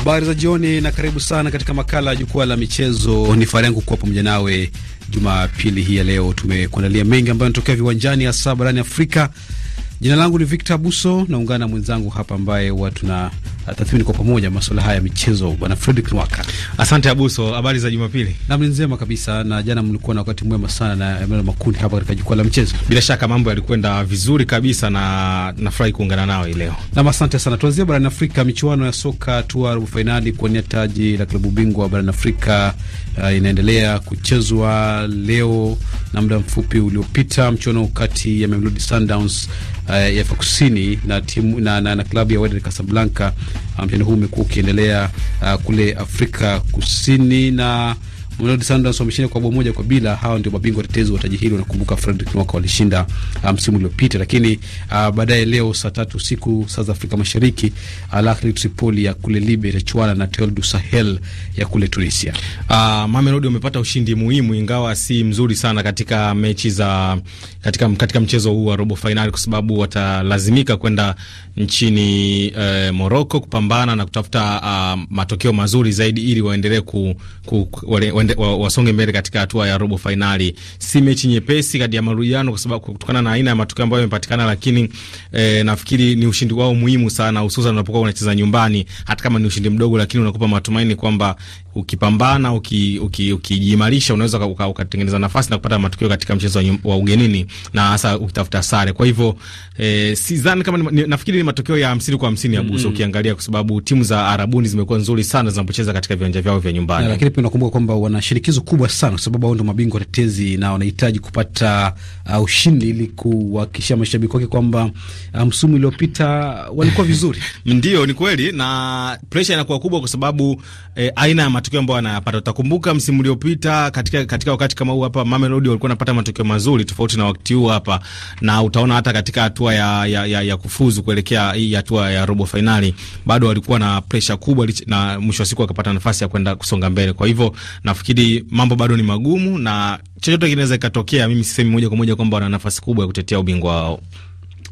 Habari za jioni na karibu sana katika makala ya jukwaa la michezo. Ni fahari yangu kuwa pamoja nawe Jumapili hii ya leo. Tumekuandalia mengi ambayo yanatokea viwanjani, hasa barani Afrika. Jina langu ni Victor Buso, naungana na mwenzangu hapa ambaye huwa tuna tathmini kwa pamoja masuala haya ya michezo. Bwana Fredrick Nwaka, asante Abuso. Habari za Jumapili? Nam ni nzema kabisa, na jana mlikuwa na wakati mwema sana na Emmanuel Makundi hapa katika jukwaa la mchezo. Bila shaka mambo yalikwenda vizuri kabisa, na nafurahi kuungana nawe leo. Nam asante sana. tuanzie barani Afrika, michuano ya soka tua robo fainali kuwania taji la klabu bingwa barani Afrika uh, inaendelea kuchezwa leo na muda mfupi uliopita mchuano kati ya Mamelodi Sundowns uh, ya Afrika Kusini na timu na, na, na klabu ya Wydad Casablanca. Mchuano um, huu umekuwa ukiendelea uh, kule Afrika Kusini na Mamelodi Sundowns wameshinda kwa bao moja kwa bila. Hawa ndio mabingwa tetezi wa taji hili, unakumbuka Fredrick Mwaka walishinda ah, msimu um, uliopita. Lakini uh, baadaye leo saa tatu usiku saa za Afrika Mashariki, Al Ahly Tripoli ya kule Libya itachuana na Etoile du Sahel ya kule Tunisia. Uh, Mamelodi wamepata ushindi muhimu ingawa si mzuri sana katika mechi za katika, katika mchezo huu wa robo fainali, kwa sababu watalazimika kwenda nchini e, eh, Moroko kupambana na kutafuta a, ah, matokeo mazuri zaidi ili waendelee ku, ku, wa, wasonge mbele katika hatua ya robo fainali. Si mechi nyepesi kati ya marudiano, kwa sababu kutokana na aina ya matokeo ambayo yamepatikana, lakini e, nafikiri ni ushindi wao muhimu sana, hususan unapokuwa unacheza nyumbani. Hata kama ni ushindi mdogo, lakini unakupa matumaini kwamba ukipambana, ukijiimarisha, uki, uki, unaweza ukatengeneza nafasi na kupata matokeo katika mchezo wa ugenini na hasa ukitafuta sare. Kwa hivyo eh, sidhani kama ni, nafikiri ni matokeo ya hamsini kwa hamsini ya buso mm Ukiangalia kwa sababu timu za Arabuni zimekuwa nzuri sana zinapocheza katika viwanja vyao vya nyumbani, lakini pia unakumbuka kwamba wana shinikizo kubwa sana kwa sababu hao ndio mabingwa watetezi na wanahitaji kupata uh, ushindi ili kuhakikisha mashabiki wake kwamba uh, msimu um, uliopita walikuwa vizuri. Ndio, ni kweli, na presha inakuwa kubwa kwa sababu eh, aina ya matokeo ambayo wanayapata. Utakumbuka msimu uliopita katika, katika wakati kama huu hapa Mamelodi walikuwa wanapata matokeo mazuri tofauti na wakati huu hapa, na utaona hata katika hatua ya, ya, ya, ya kufuzu kuelekea hii hatua ya robo fainali bado walikuwa na presha kubwa, na mwisho wa siku wakapata nafasi ya kwenda kusonga mbele. Kwa hivyo nafikiri mambo bado ni magumu na chochote kinaweza ikatokea. Mimi sisemi moja kwa moja kwamba wana nafasi kubwa ya kutetea ubingwa wao.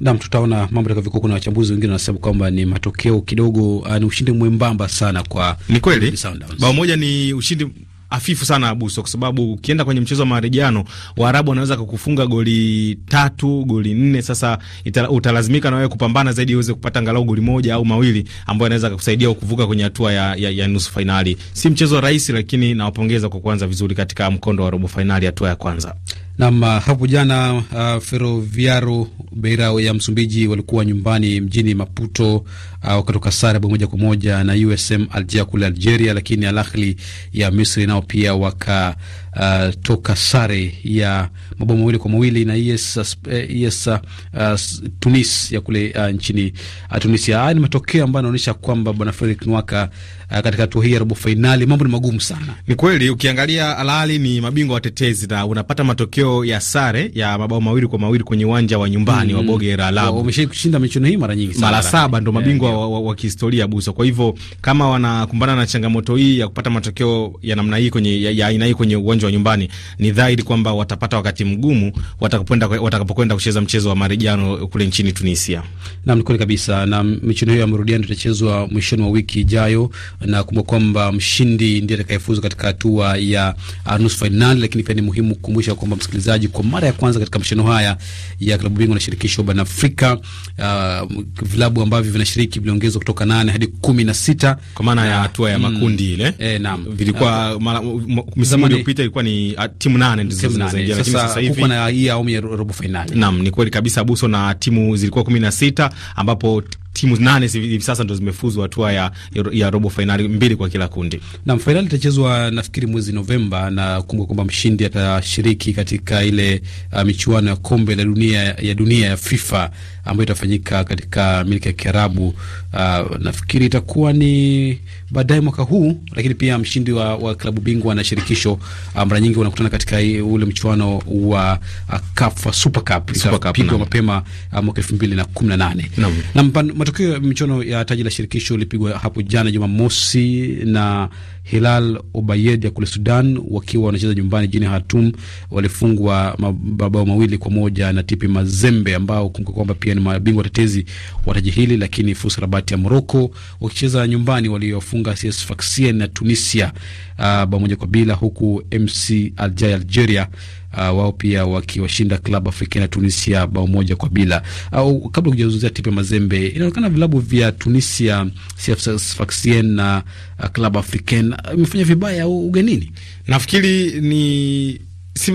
Nam, tutaona mambo takavyokuwa. Kuna wachambuzi wengine wanasema kwamba ni matokeo kidogo, ni ushindi mwembamba sana kwa ni kweli, bao moja ni ushindi afifu sana Abuso, kwa sababu ukienda kwenye mchezo wa marejano Waarabu wanaweza kukufunga goli tatu goli nne. Sasa itala, utalazimika na wewe kupambana zaidi uweze kupata angalau goli moja au mawili ambayo anaweza kukusaidia kuvuka kwenye hatua ya, ya, ya nusu fainali. Si mchezo rahisi, lakini nawapongeza kwa kuanza vizuri katika mkondo wa robo fainali hatua ya kwanza. Nam hapo jana uh, Ferroviaro Beira ya Msumbiji walikuwa nyumbani mjini Maputo uh, wakatoka sare bao moja kwa moja na USM Alger kule Algeria, lakini Al Ahly ya Misri nao pia waka uh, toka sare ya mabao mawili kwa mawili na yes, yes, eh, uh, Tunis ya kule uh, nchini uh, Tunisia. Haya ni matokeo ambayo anaonyesha kwamba bwana Fredrik Nwaka uh, katika hatua hii ya robo fainali mambo ni magumu sana. Ni kweli, ukiangalia Al Ahly ni mabingwa watetezi na unapata matokeo ya sare ya mabao mawili kwa mawili kwenye uwanja wa nyumbani mm, wa mm-hmm. Bogera Alabu. Wameshinda michuano hii mara nyingi sana, mara saba, ndo mabingwa yeah, wa, wa, wa kihistoria buso. Kwa hivyo kama wanakumbana na changamoto hii ya kupata matokeo ya namna hii kwenye ya aina hii kwenye uwanja uwanja wa nyumbani, ni dhahiri kwamba watapata wakati mgumu watakapokwenda watakapokwenda kucheza mchezo wa marejano kule nchini Tunisia. Naam, ni kweli kabisa, na michuano hiyo ya marudiano itachezwa mwishoni mwa wiki ijayo, na kumbuka kwamba mshindi ndiye atakayefuzu katika hatua ya uh, nusu fainali. Lakini pia ni muhimu kukumbusha kwamba msikilizaji, kwa mara ya kwanza katika mashindano haya ya klabu bingwa na shirikisho barani Afrika, uh, vilabu uh, ambavyo vinashiriki viliongezwa kutoka nane hadi kumi na sita kwa maana ya hatua ya mm, makundi ile. Eh, naam, vilikuwa misimu iliyopita ilikuwa ni uh, timu nane ndizo zilizoingia, lakini sasa hivi kuna hii awamu ya robo finali. Naam, ni kweli kabisa Buso, na timu zilikuwa kumi na sita ambapo timu nane hivi sasa ndo zimefuzu hatua ya, ya robo fainali mbili kwa kila kundi. Na fainali itachezwa nafikiri mwezi Novemba, na kumbuka kwamba mshindi atashiriki katika ile uh, michuano ya kombe la dunia ya dunia ya FIFA ambayo itafanyika katika milki ya Kiarabu. Uh, nafikiri itakuwa ni baadaye mwaka huu, lakini pia mshindi wa, wa klabu bingwa na shirikisho uh, mara nyingi wanakutana katika ule mchuano wa uh, Super Cup, Super Cup itapigwa mapema uh, mwaka elfu mbili na kumi na nane na Matokeo ya michuano ya taji la shirikisho ilipigwa hapo jana Jumamosi na Hilal Obayed ya kule Sudan wakiwa wanacheza nyumbani jini Hatum walifungwa mabao mawili kwa moja na Tipi Mazembe ambao kumbuka kwamba pia ni mabingwa tetezi wa taji hili, lakini FUS Rabat ya Moroko wakicheza nyumbani waliofunga CS Sfaxien na Tunisia uh, bao moja kwa bila, huku MC Alger Algeria Uh, wao pia wakiwashinda Club Africaine ya Tunisia bao moja kwa bila. Au ah, kabla kujazungumzia TP Mazembe, inaonekana vilabu vya Tunisia CF Sfaxien na uh, Club Africaine imefanya vibaya ugenini. Nafikiri ni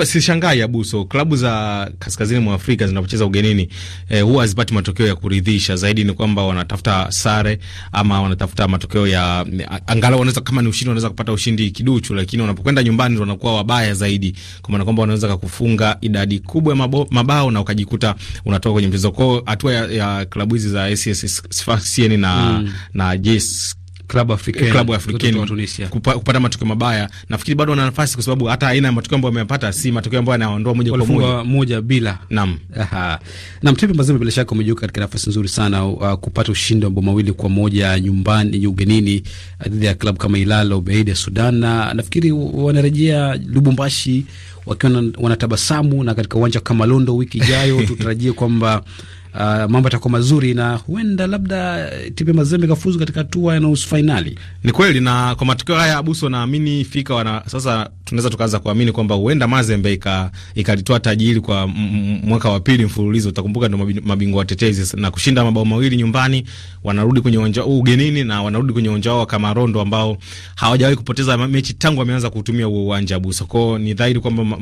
si shangai ya buso klabu za kaskazini mwa Afrika zinapocheza ugenini eh, huwa hazipati matokeo ya kuridhisha. Zaidi ni kwamba wanatafuta sare ama wanatafuta matokeo ya angalau, wanaweza kama ni ushindi, wanaweza kupata ushindi kiduchu, lakini wanapokwenda nyumbani ndo wanakuwa wabaya zaidi, kwa maana kwamba wanaweza kukufunga idadi kubwa ya mabao na ukajikuta unatoka kwenye mchezo. Kwao hatua ya, ya klabu hizi za SCS Sfaxien na mm. na JS klabu Afrikeni, klabu Afrikeni Tunisia kupa, kupata matokeo mabaya. Nafikiri bado wana nafasi, kwa sababu hata aina ya matokeo ambayo wameyapata si matokeo ambayo yanaondoa moja kwa moja moja bila. Naam, aha, naam. TP Mazembe bila shaka umejua katika nafasi nzuri sana uh, kupata ushindi ambao mawili kwa moja nyumbani ugenini uh, dhidi ya klabu kama Hilal Obeid ya Sudan, na nafikiri wanarejea Lubumbashi wakiwa wanatabasamu, na katika uwanja kama Londo wiki ijayo tutarajie kwamba uh, mambo yatakuwa mazuri na huenda labda eh, TP Mazembe kafuzu katika hatua ya nusu fainali. Ni kweli, na kwa matokeo haya Abuso, naamini fika wana sasa, tunaweza tukaanza kuamini kwamba huenda Mazembe ikalitoa taji hili kwa mwaka wa pili mfululizo. Utakumbuka ndo mabingwa watetezi na kushinda mabao mawili nyumbani, wanarudi kwenye uwanja huu ugenini na wanarudi kwenye uwanja wao wa Kamarondo ambao hawajawahi kupoteza mechi tangu wameanza kutumia huo uwanja Abuso. Kwao ni dhahiri kwamba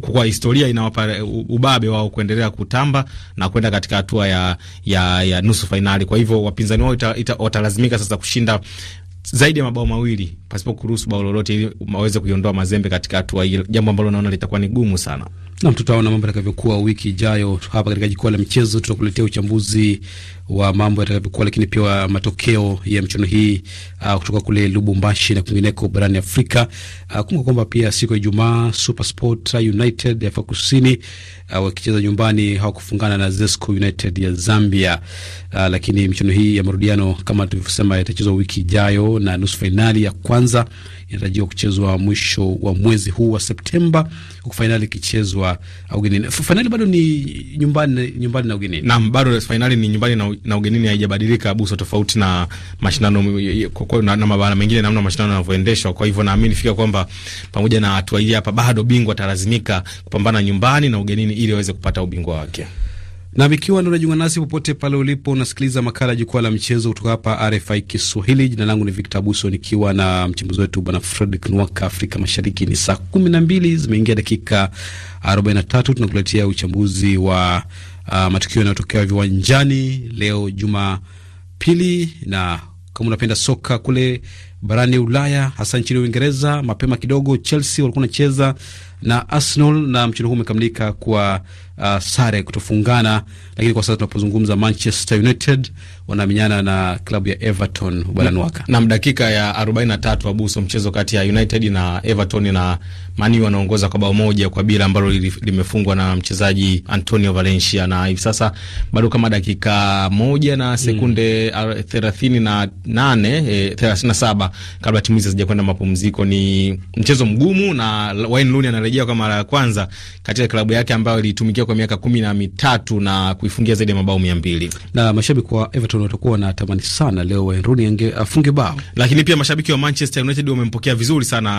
kwa historia inawapa eh, ubabe wao kuendelea kutamba na kwenda katika hatua ya, ya, ya nusu fainali. Kwa hivyo wapinzani wao watalazimika sasa kushinda zaidi ya mabao mawili pasipo kuruhusu bao lolote, ili waweze kuiondoa Mazembe katika hatua hiyo, jambo ambalo naona litakuwa ni gumu sana. Nam, tutaona mambo yatakavyokuwa wiki ijayo. Hapa katika jukwaa la michezo, tutakuletea uchambuzi wa mambo yatakavyokuwa, lakini pia matokeo ya michuano hii uh, kutoka kule Lubumbashi na kwingineko barani Afrika. Uh, kumbuka kwamba pia siku ya Ijumaa Sport United ya Afrika Kusini uh, wakicheza nyumbani hawakufungana na Zesco United ya Zambia. Uh, lakini michuano hii ya marudiano kama tulivyosema, itachezwa wiki ijayo na nusu fainali ya kwanza inatarajiwa kuchezwa mwisho wa mwezi huu wa Septemba, huku fainali ikichezwa ugenini. Fainali bado ni nyumbani, nyumbani na ugenini. Naam, bado fainali ni nyumbani na, na ugenini, haijabadilika buso, tofauti na mashindano na, na mabara mengine, namna mashindano yanavyoendeshwa. Kwa hivyo naamini fika kwamba pamoja na hatua hii hapa, bado bingwa atalazimika kupambana nyumbani na ugenini ili aweze kupata ubingwa wake na ikiwa ndo unajiunga nasi popote pale ulipo, unasikiliza makala ya jukwaa la mchezo kutoka hapa RFI Kiswahili. Jina langu ni Victor Abuso, nikiwa na mchambuzi wetu bwana Fredrick Nwaka. Afrika Mashariki ni saa kumi na mbili zimeingia dakika arobaini na tatu. Tunakuletea uchambuzi wa uh, matukio yanayotokea viwanjani leo Jumapili, na kama unapenda soka kule barani Ulaya, hasa nchini Uingereza, mapema kidogo Chelsea walikuwa wanacheza na Arsenal na mchezo huu umekamilika kwa uh, sare kutofungana, lakini kwa sasa tunapozungumza Manchester United wanamenyana na klabu ya Everton barani Waka. dakika ya 43 abuso mchezo kati ya United na Everton na Mani anaongoza kwa bao moja kwa bila ambalo limefungwa na mchezaji Antonio Valencia, na hivi sasa bado kama dakika moja na sekunde mm. thelathini na nane e, thelathini na saba kabla timu hizi hazijakwenda mapumziko. Ni mchezo mgumu, na Wayne Rooney anarejea kwa mara ya kwanza katika klabu yake ambayo ilitumikia kwa miaka kumi na mitatu na kuifungia zaidi ya mabao mia mbili na mashabiki wa Everton watakuwa na tamani sana leo Wayne Rooney ange afunge bao, lakini pia mashabiki wa Manchester United wamempokea vizuri sana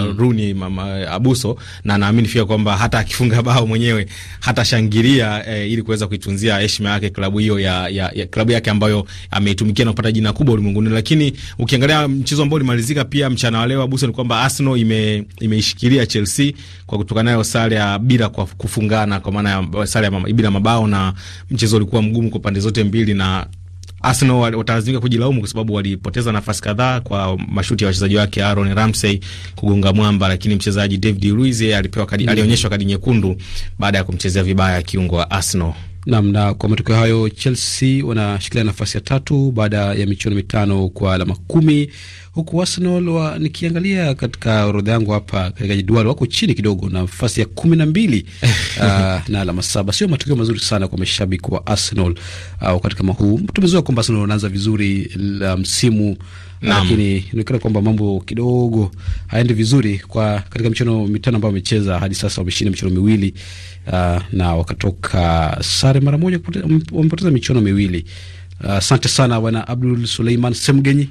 mm. uh, Rooney mama Eh, Abuso na naamini pia kwamba hata akifunga bao mwenyewe hata shangilia eh, ili kuweza kuitunzia heshima yake klabu hiyo ya, ya, ya klabu yake ambayo ameitumikia na kupata jina kubwa ulimwenguni. Lakini ukiangalia mchezo ambao ulimalizika pia mchana wa leo Abuso, ni kwamba Arsenal ime, imeishikilia Chelsea kwa kutoka nayo sare ya bila kwa kufungana, kwa maana ya sare ya bila mabao, na mchezo ulikuwa mgumu kwa pande zote mbili na Arsenal watalazimika kujilaumu kwa sababu walipoteza nafasi kadhaa kwa mashuti ya wachezaji wake Aaron Ramsey kugonga mwamba, lakini mchezaji David Luiz alipewa kadi, mm. alionyeshwa kadi nyekundu baada ya kumchezea vibaya kiungo wa Arsenal. Naam, na kwa matokeo hayo Chelsea wanashikilia nafasi ya tatu baada ya michuano mitano kwa alama kumi huku Arsenal wa, nikiangalia katika orodha yangu hapa katika jedwali wako chini kidogo, na nafasi ya kumi na mbili uh, na alama saba. Sio matokeo mazuri sana kwa mashabiki wa Arsenal uh, wakati kama huu. Tumezoea kwamba Arsenal wanaanza vizuri msimu um, lakini inaonekana kwamba mambo kidogo haendi vizuri kwa katika michuano mitano ambayo wamecheza hadi sasa, wameshinda michuano miwili uh, na wakatoka sare mara moja, wamepoteza michuano miwili. Asante uh, sana bwana Abdul Suleiman Semgenyi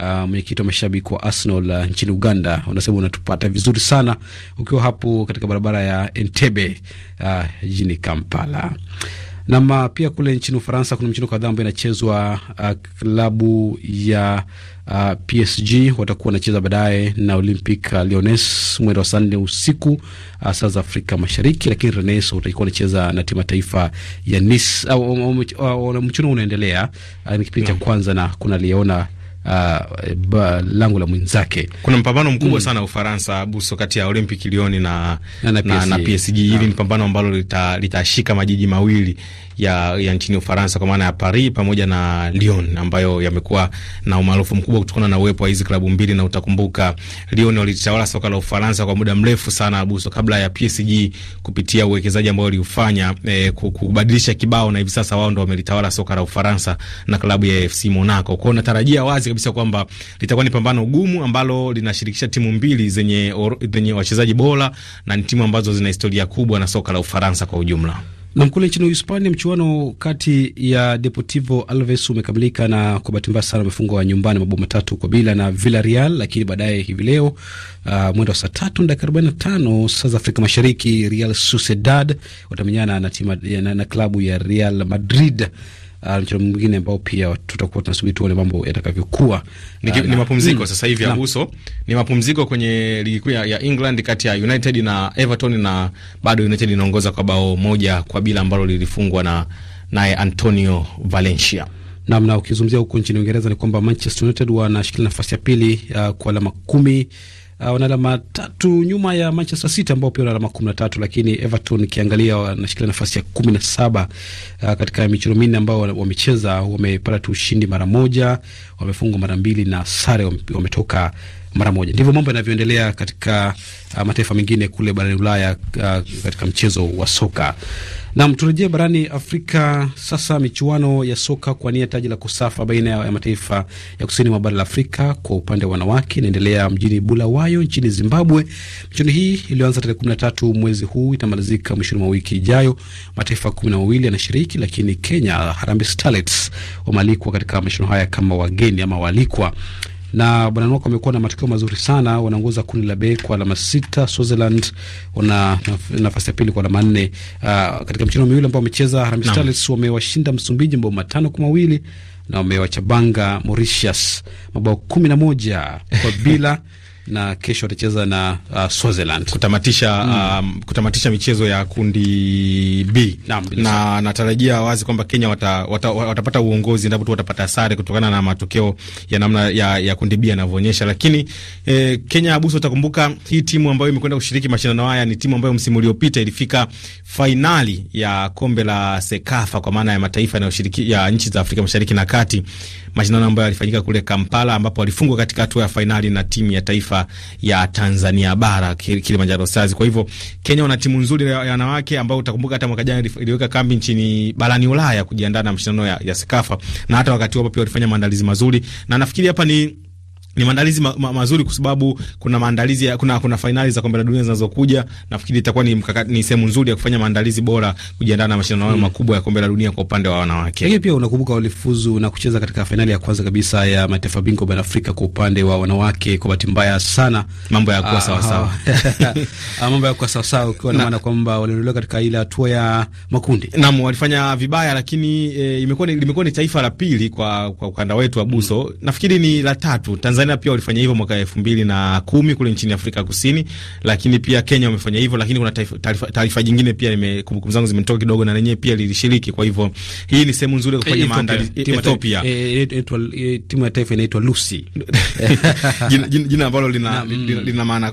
uh, mwenyekiti wa mashabiki wa Arsenal uh, nchini Uganda, unasema unatupata vizuri sana ukiwa hapo katika barabara ya Entebbe ah, jijini uh, Kampala na pia kule nchini Ufaransa kuna mchezo kadhaa ambayo inachezwa. Uh, klabu ya uh, PSG watakuwa wanacheza baadaye na Olympic uh, Lyonnais mwendo wa saa nne usiku uh, saa za Afrika Mashariki, lakini Rennes watakuwa wanacheza na timu ya taifa ya Nice. Uh, um, um, uh, mchuano unaendelea uh, ni kipindi cha kwanza na kuna liona uh, lango la mwenzake. Kuna mpambano mkubwa mm. sana Ufaransa buso kati ya Olympic Lyon na, na, na, PSG. na PSG hili ah. ni pambano ambalo litashika lita majiji mawili ya, ya nchini Ufaransa kwa maana ya Paris pamoja na Lyon ambayo yamekuwa na umaarufu mkubwa kutokana na uwepo wa hizi klabu mbili, na utakumbuka Lyon walitawala soka la Ufaransa kwa muda mrefu sana buso kabla ya PSG kupitia uwekezaji ambao waliufanya eh, kubadilisha kibao, na hivi sasa wao ndo wamelitawala soka la Ufaransa na klabu ya FC Monaco kwao, natarajia wazi kabisa kwamba litakuwa ni pambano gumu ambalo linashirikisha timu mbili zenye, or, zenye wachezaji bora na ni timu ambazo zina historia kubwa na soka la Ufaransa kwa ujumla. Na kule nchini Uhispania, mchuano kati ya Deportivo Alves umekamilika na kwa bahati mbaya sana umefungwa nyumbani mabao matatu kwa bila na Villarreal, lakini baadaye hivi leo uh, mwendo wa saa tatu dakika arobaini na tano saa za Afrika Mashariki, Real Sociedad watamenyana na, na, na klabu ya Real Madrid uh, ah, mchezo mwingine ambao pia tutakuwa tunasubiri tuone mambo yatakavyokuwa. Ah, ni, uh, ni mapumziko mm, sasa hivi ya uso, ni mapumziko kwenye ligi kuu ya England kati ya United na Everton, na bado United inaongoza kwa bao moja kwa bila ambalo lilifungwa na naye Antonio Valencia. Namna na ukizungumzia huko nchini Uingereza ni kwamba Manchester United wanashikilia nafasi ya pili uh, kwa alama kumi Uh, wana alama tatu nyuma ya Manchester City ambao pia wana alama kumi na tatu, lakini Everton ukiangalia wanashikilia nafasi ya kumi na saba uh, katika michezo minne ambao wamecheza wamepata tu ushindi mara moja, wamefungwa mara mbili na sare wametoka mara moja. Ndivyo mambo yanavyoendelea katika uh, mataifa mengine kule barani Ulaya uh, katika mchezo wa soka. Nam, turejee barani Afrika sasa. Michuano ya soka kwa nia taji la Kosafa baina ya mataifa ya kusini mwa bara la Afrika kwa upande wa wanawake inaendelea mjini Bulawayo nchini Zimbabwe. Michuano hii iliyoanza tarehe 13 mwezi huu itamalizika mwishoni mwa wiki ijayo. Mataifa kumi na mawili yanashiriki, lakini Kenya, Harambee Starlets, wamealikwa katika mashindano haya kama wageni ama waalikwa na Bwananok wamekuwa na matokeo mazuri sana, wanaongoza kundi la bei kwa alama sita. Swaziland wana nafasi ya pili kwa alama nne. Uh, katika mchezo miwili ambao wamecheza, Harambee Stars wamewashinda Msumbiji mabao matano kwa mawili na wamewachabanga Mauritius mabao kumi na moja kwa bila na kesho watacheza na uh, Swaziland kutamatisha, mm. um, kutamatisha michezo ya kundi B na, na natarajia wazi kwamba Kenya wata, wata, watapata uongozi endapo tu watapata sare kutokana na matokeo ya namna ya, ya kundi B yanavyoonyesha. Lakini eh, Kenya abuso, utakumbuka hii timu ambayo imekwenda kushiriki mashindano haya ni timu ambayo msimu uliopita ilifika fainali ya kombe la Sekafa kwa maana ya mataifa yanayoshiriki ya nchi za Afrika Mashariki na Kati mashindano ambayo yalifanyika kule Kampala, ambapo walifungwa katika hatua ya fainali na timu ya taifa ya Tanzania bara Kilimanjaro Stars. Kwa hivyo Kenya wana timu nzuri ya wanawake ambao utakumbuka hata mwaka jana iliweka kambi nchini barani Ulaya kujiandaa na mashindano ya, ya Sekafa na hata wakati huo pia walifanya maandalizi mazuri na nafikiri hapa ni ni maandalizi ma, ma, mazuri kwa sababu kuna maandalizi kuna kuna finali za kombe la dunia zinazokuja. Nafikiri itakuwa ni mkakati, ni sehemu nzuri ya kufanya maandalizi bora kujiandaa na mashindano hayo mm, makubwa ya kombe la dunia kwa upande wa wanawake. Lakini pia unakumbuka walifuzu na kucheza katika finali ya kwanza kabisa ya mataifa bingwa bara Afrika kwa upande wa wanawake. Kwa bahati mbaya sana mambo ya kuwa ah, sawa sawa, ah, ah, mambo ya kuwa sawa sawa, ukiwa na maana kwamba waliondolewa katika ile hatua ya makundi. Naam, walifanya vibaya, lakini e, imekuwa limekuwa ni taifa la pili kwa kwa ukanda wetu wa hmm. buso, mm, nafikiri ni la tatu Tanzania Ghana pia walifanya hivyo mwaka elfu mbili na kumi kule nchini Afrika Kusini, lakini pia Kenya wamefanya hivyo, lakini kuna taarifa nyingine pia kumbukumbu zangu zimetoka kidogo, na lenyewe pia lilishiriki. Kwa hivyo hii ni sehemu nzuri kufanya maandalizi. Ethiopia, eh, eh, eh, timu ya taifa inaitwa Lucy, jina ambalo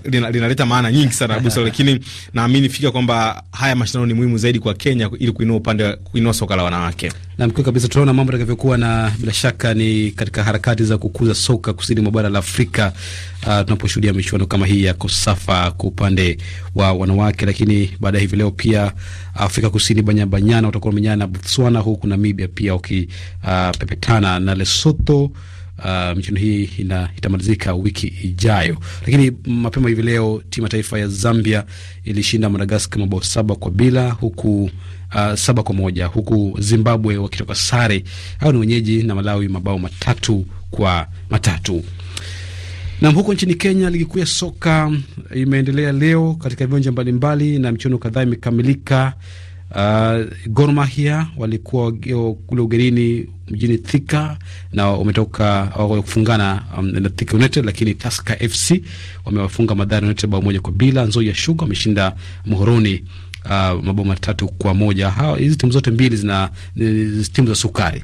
linaleta maana nyingi sana Abuso, lakini naamini fika kwamba haya mashindano ni muhimu zaidi kwa Kenya ili kuinua upande kuinua soka la wanawake na mkiwa kabisa, tunaona mambo yatakavyokuwa, na bila shaka ni katika harakati za kukuza soka kusini mwa bara bara la Afrika uh, tunaposhuhudia michuano kama hii ya Kosafa kwa upande wa wanawake. Lakini baada ya hivi leo pia Afrika Kusini Banyabanyana watakuwa wamenyana na Botswana, huku Namibia pia wakipepetana uh, na Lesotho. Uh, michuano hii ina, itamalizika wiki ijayo, lakini mapema hivi leo timu ya taifa ya Zambia ilishinda Madagaskar mabao saba kwa bila huku uh, saba kwa moja huku Zimbabwe wakitoka sare, hao ni wenyeji na Malawi mabao matatu kwa matatu. Nam, huko nchini Kenya, ligi kuu ya soka imeendelea leo katika viwanja mbalimbali na michuano kadhaa imekamilika. Uh, Gor Mahia walikuwa kule ugerini mjini Thika na wametoka kufungana um, na Thika United, lakini Taska FC wamewafunga Madhara United bao moja kwa bila. Nzoia Sugar wameshinda Muhoroni uh, mabao matatu kwa moja. Hizi timu zote mbili zina timu za sukari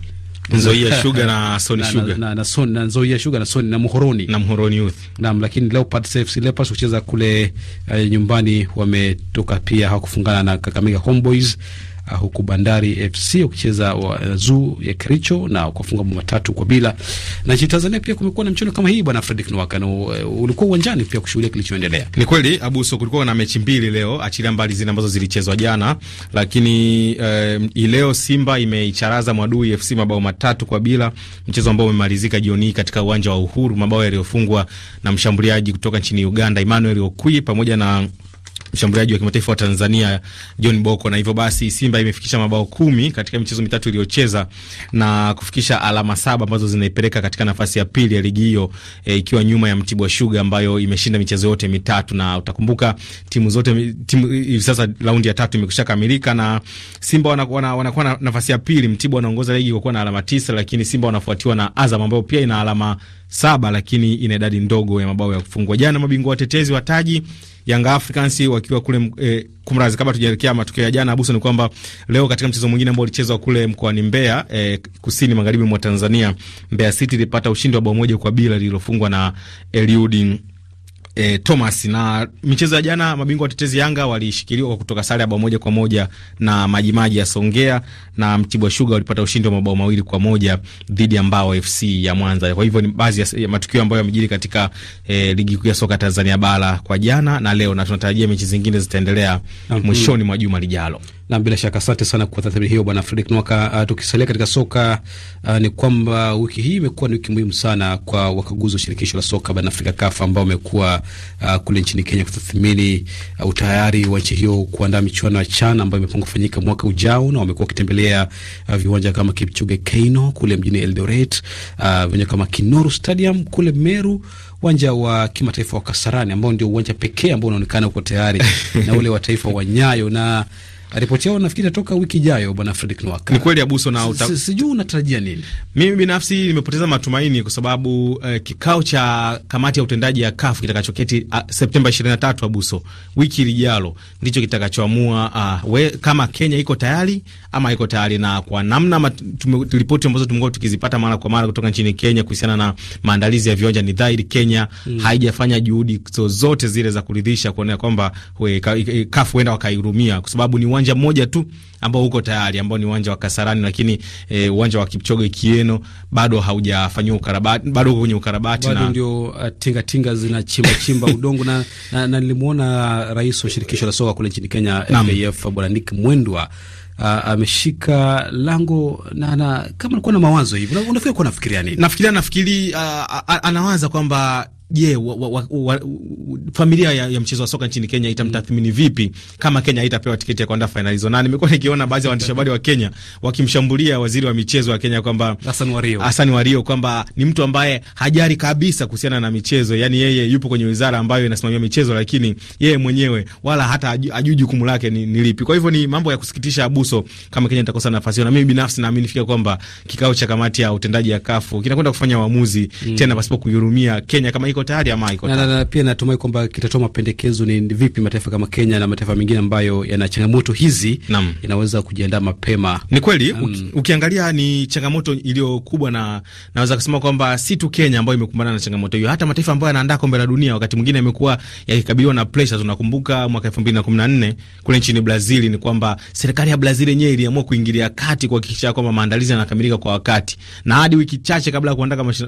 Nzoia Sugar na Sony Sugar na, na, na, Sony, na Nzoia Sugar na Sony na Muhoroni na Muhoroni Youth. Naam, lakini Leopards FC Leopards kucheza kule uh, nyumbani wametoka pia, hawakufungana na Kakamega Homeboys uh, huku Bandari FC wakicheza uh, zoo ya Kericho na wakafunga matatu kwa bila. Na nchini Tanzania pia kumekuwa na mchezo kama hii, bwana Fredrick Nwaka, na uh, ulikuwa uwanjani pia kushuhudia kilichoendelea. Ni kweli Abuso, kulikuwa na mechi mbili leo, achilia mbali zile ambazo zilichezwa jana, lakini uh, leo Simba imeicharaza Mwadui FC mabao matatu kwa bila, mchezo ambao umemalizika jioni hii katika uwanja wa Uhuru, mabao yaliyofungwa na mshambuliaji kutoka nchini Uganda Emmanuel Okwi pamoja na mshambuliaji wa kimataifa wa Tanzania John Boko, na hivyo basi Simba imefikisha mabao kumi katika michezo mitatu iliyocheza na kufikisha alama saba ambazo zinaipeleka katika nafasi ya pili ya ligi hiyo e, ikiwa nyuma ya Mtibwa Sugar ambayo imeshinda michezo yote mitatu, na utakumbuka timu zote timu hivi sasa raundi ya tatu imekusha kamilika na Simba wanakuwa wanakuwa na nafasi ya pili. Mtibwa anaongoza ligi kwa kuwa na alama tisa, lakini Simba wanafuatiwa na Azam ambayo pia ina alama saba lakini ina idadi ndogo ya mabao ya kufungwa. Jana mabingwa watetezi wa taji Young Africans wakiwa kule e, kumrazi. Kabla tujaelekea matokeo ya jana, Abuso, ni kwamba leo katika mchezo mwingine ambao ulichezwa kule mkoani Mbeya, e, kusini magharibi mwa Tanzania, Mbeya City ilipata ushindi wa bao moja kwa bila lililofungwa na Eliudi e, Thomas na michezo ya jana, mabingwa watetezi Yanga walishikiliwa kwa kutoka sare ya bao moja kwa moja na Majimaji ya Songea, na Mtibwa Sugar walipata ushindi wa mabao mawili kwa moja dhidi ya Mbao FC ya Mwanza. Kwa hivyo ni baadhi ya matukio ambayo yamejiri katika e, ligi kuu ya soka Tanzania bara kwa jana na leo, na tunatarajia mechi zingine zitaendelea mwishoni mwa juma lijalo. Na bila shaka asante sana kwa tathmini hiyo bwana Fredrick Nwaka. Uh, tukisalia katika soka uh, ni kwamba wiki hii imekuwa ni wiki muhimu sana kwa wakaguzi wa shirikisho la soka barani Afrika CAF ambao wamekuwa uh, kule nchini Kenya kutathmini uh, utayari wa nchi hiyo kuandaa michuano ya CHAN ambayo imepangwa kufanyika mwaka ujao, na wamekuwa wakitembelea uh, viwanja kama Kipchoge Keino kule mjini Eldoret, uh, viwanja kama Kinoru Stadium kule Meru, uwanja wa kimataifa wa Kasarani ambao ndio uwanja pekee ambao unaonekana uko tayari na ule wa taifa wa Nyayo na ripoti yao nafikiri atoka wiki ijayo, bwana Fredrick Nwaka. Ni kweli Abuso, na uta... sijui unatarajia nini? Mimi binafsi nimepoteza matumaini kwa sababu eh, kikao cha kamati ya utendaji ya CAF kitakachoketi uh, Septemba 23 Abuso, wiki lijalo ndicho kitakachoamua uh, kama Kenya iko tayari ama iko tayari, na kwa namna ripoti ambazo tumekuwa tukizipata mara kwa mara kutoka nchini Kenya kuhusiana na maandalizi ya viwanja, ni dhahiri Kenya hmm, haijafanya juhudi zozote zile za kuridhisha kuonea kwamba CAF huenda wakairumia kwa sababu ni uwanja mmoja tu ambao uko tayari ambao ni uwanja wa Kasarani, lakini eh, uwanja wa Kipchoge Kieno bado haujafanyiwa ukarabati, bado uko kwenye ukarabati bado na ndio uh, tinga tinga zinachimba chimba udongo na, na, na rais wa shirikisho la soka kule nchini Kenya FKF Bwana Nick Mwendwa Uh, ameshika lango na, na kama alikuwa na mawazo hivi, unafikiri kuwa nafikiria nini? Nafikiria nafikiri, uh, anawaza kwamba je, familia ya, ya mchezo wa soka nchini Kenya itamtathmini vipi kama Kenya haitapewa tiketi ya kuandaa fainali hizo? Na nimekuwa nikiona baadhi ya waandishi habari wa Kenya wakimshambulia waziri wa michezo wa Kenya kwamba Hassan Wario, Hassan Wario kwamba ni mtu ambaye hajari kabisa kuhusiana na michezo, yani yeye yupo kwenye wizara ambayo inasimamia michezo, lakini yeye mwenyewe wala hata ajui jukumu lake ni, ni lipi. Kwa hivyo ni mambo ya kusikitisha abuso kama Kenya itakosa nafasi hiyo, na mimi binafsi naamini fika kwamba kikao cha kamati ya utendaji ya kafu kinakwenda kufanya uamuzi mm, tena pasipo kuihurumia Kenya kama iko iko tayari ama iko tayari na, na, na, pia natumai kwamba kitatoa mapendekezo ni vipi mataifa kama Kenya na mataifa mengine ambayo yana changamoto hizi Nam. inaweza kujiandaa mapema. Ni kweli um, ukiangalia ni changamoto iliyo kubwa, na naweza kusema kwamba si tu Kenya ambayo imekumbana na changamoto hiyo, hata mataifa ambayo yanaandaa kombe la dunia wakati mwingine yamekuwa yakikabiliwa na pressure. Tunakumbuka mwaka 2014 kule nchini Brazil, ni kwamba serikali ya Brazil yenyewe iliamua kuingilia kati kuhakikisha kwamba maandalizi yanakamilika kwa wakati, na hadi wiki chache kabla ya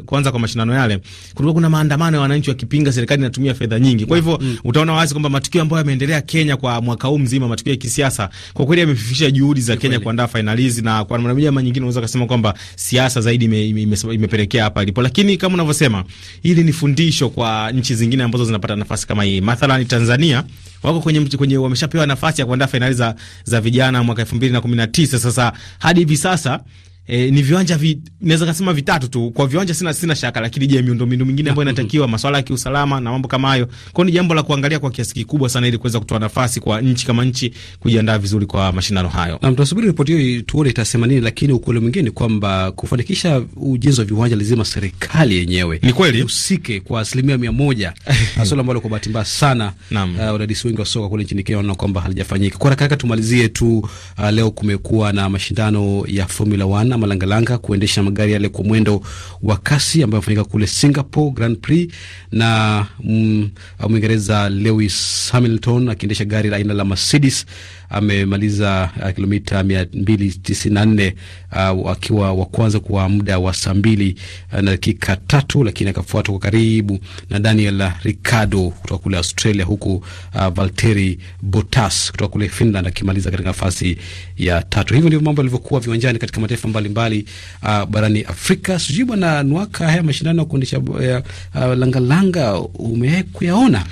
kuanza kwa mashindano yale kulikuwa kuna maandamano wananchi wakipinga serikali inatumia fedha nyingi. Kwa hivyo mm. utaona wazi kwamba matukio ambayo yameendelea Kenya kwa mwaka huu mzima, matukio ya kisiasa, kwa kweli yamefifisha juhudi za Kenya kuandaa fainali hizi, na kwa namna moja ama nyingine unaweza kusema kwamba siasa zaidi imepelekea ime, ime hapa ilipo, lakini kama unavyosema, hili ni fundisho kwa nchi zingine ambazo zinapata nafasi kama hii, mathalan Tanzania wako kwenye, kwenye wameshapewa nafasi ya kuandaa fainali za, za vijana mwaka 2019 sasa hadi hivi sasa E, ni viwanja vi, naweza kusema vitatu tu. Kwa viwanja sina sina shaka, lakini je, miundombinu mingine ambayo inatakiwa, masuala ya kiusalama na mambo kama hayo. Kwa ni jambo la kuangalia kwa kiasi kikubwa sana, ili kuweza kutoa nafasi kwa nchi kama nchi kujiandaa vizuri kwa mashindano hayo. Na mtasubiri ripoti hiyo tuone itasema nini, lakini ukweli mwingine kwamba kufanikisha ujenzi wa viwanja lazima serikali yenyewe ni kweli husike kwa asilimia mia moja swala ambalo kwa bahati mbaya sana uh, wadadisi wengi wa soka kule nchini Kenya wanaona kwamba halijafanyika. Kwa haraka tumalizie tu uh, leo kumekuwa na mashindano ya Formula 1 na malangalanga kuendesha magari yale kwa mwendo wa kasi ambayo afanyika kule Singapore Grand Prix, na mm, Mwingereza mm, Lewis Hamilton akiendesha gari la aina la Mercedes amemaliza uh, kilomita nne uh, akiwa wa kwanza kwa muda wa saa mbili uh, na dakika tatu, lakini akafuatwa kwa karibu na Daniel Ricardo kutoka kule Australia, huku uh, Valtteri Bottas kutoka kule Finland akimaliza katika nafasi ya tatu. Hivyo ndivyo mambo yalivyokuwa viwanjani katika mataifa mbalimbali uh, barani Afrika. Sijui bwana Nwaka, haya mashindano ya kuendesha uh, uh, langalanga umewahi kuyaona?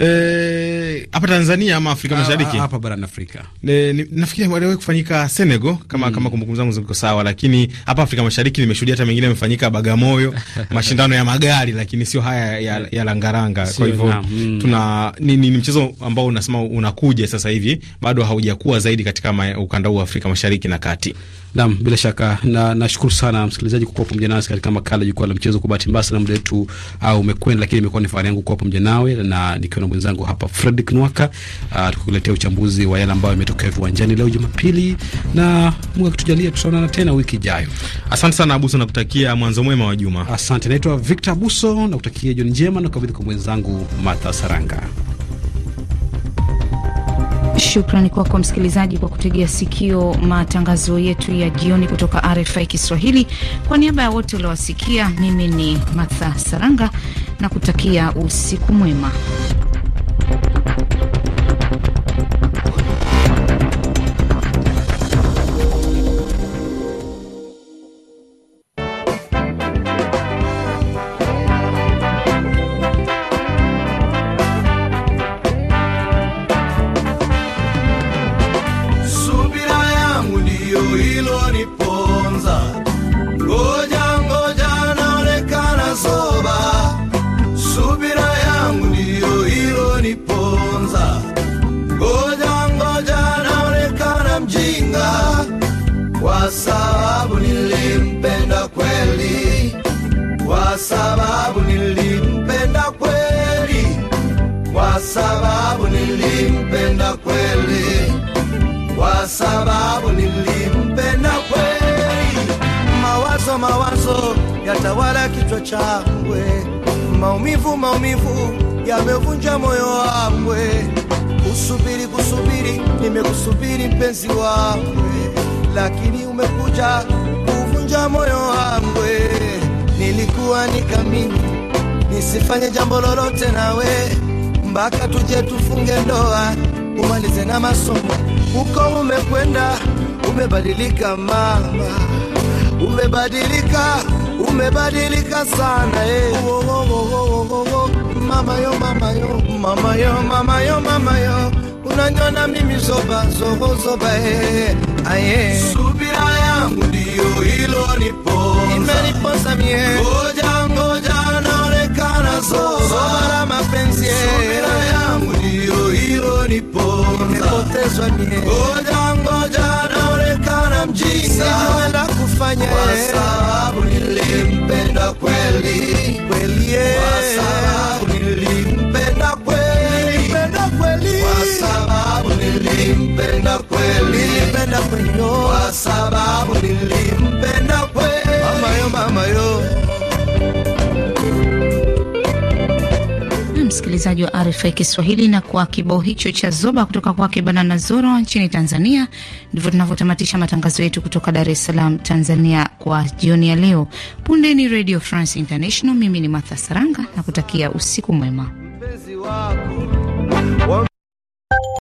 eh, hapa Tanzania ama Afrika ah, Mashariki, hapa barani Afrika eh, nafikiri waliwahi kufanyika Senegal kama mm, kama kumbukumbu zangu ziko sawa, lakini hapa Afrika Mashariki nimeshuhudia hata mengine yamefanyika Bagamoyo mashindano ya magari, lakini sio haya ya, mm. ya langaranga. Kwa hivyo mm. tuna ni, ni, ni mchezo ambao unasema unakuja sasa hivi, bado haujakuwa zaidi katika ukanda huu wa Afrika Mashariki na Kati. Naam, bila shaka na nashukuru sana msikilizaji kwa kuwa pamoja nasi katika makala jukwaa la mchezo. Kwa bahati mbaya sana muda wetu au ah, umekwenda, lakini imekuwa ni fahari yangu kuwa pamoja nawe na nikiwa na mwenzangu hapa Fredrick Nwaka, uh, ah, tukukuletea uchambuzi wa yale ambayo yametokea viwanjani leo Jumapili, na Mungu akitujalia tutaonana tena wiki ijayo. Asante sana Abuso, nakutakia mwanzo mwema wa juma. Asante, naitwa Victor Abuso, nakutakia jioni njema na kabidhi kwa mwenzangu Martha Saranga. Shukrani kwako msikilizaji kwa kutegea sikio matangazo yetu ya jioni kutoka RFI Kiswahili. Kwa niaba ya wote uliowasikia, mimi ni Martha Saranga na kutakia usiku mwema. yatawala kichwa changwe, maumivu maumivu yamevunja moyo wangwe. Kusubiri kusubiri, nimekusubiri mpenzi wangwe, lakini umekuja kuvunja moyo wangwe. Nilikuwa nikamini nisifanye jambo lolote nawe, mpaka tuje tufunge ndoa, umalize na masomo. Uko umekwenda, umebadilika mama, umebadilika umebadilika sana eh. Oh, oh, oh, oh, oh, oh. Mama yo mama yo mama yo mama yo mama yo unanyona mimi zoba zoho zoba eh. Aye. Subira yangu ndio hilo niposa imeniposa mie ngoja ngoja naonekana zoba mapenzi eh. subira yangu ndio hilo niposa nimepotezwa mie ngoja ngoja naonekana mjinga nilifanya kwa sababu nilimpenda kweli kweli, eh. kwa sababu nilimpenda kweli nilimpenda kweli, kwa sababu nilimpenda kweli nilimpenda kweli, kwa sababu nilimpenda kweli, mama yo, mama yo msikilizaji wa RFI Kiswahili, na kwa kibao hicho cha zoba kutoka kwake Banana Zoro nchini Tanzania, ndivyo tunavyotamatisha matangazo yetu kutoka Dar es Salaam, Tanzania kwa jioni ya leo. Punde ni Radio France International. Mimi ni Martha Saranga na kutakia usiku mwema.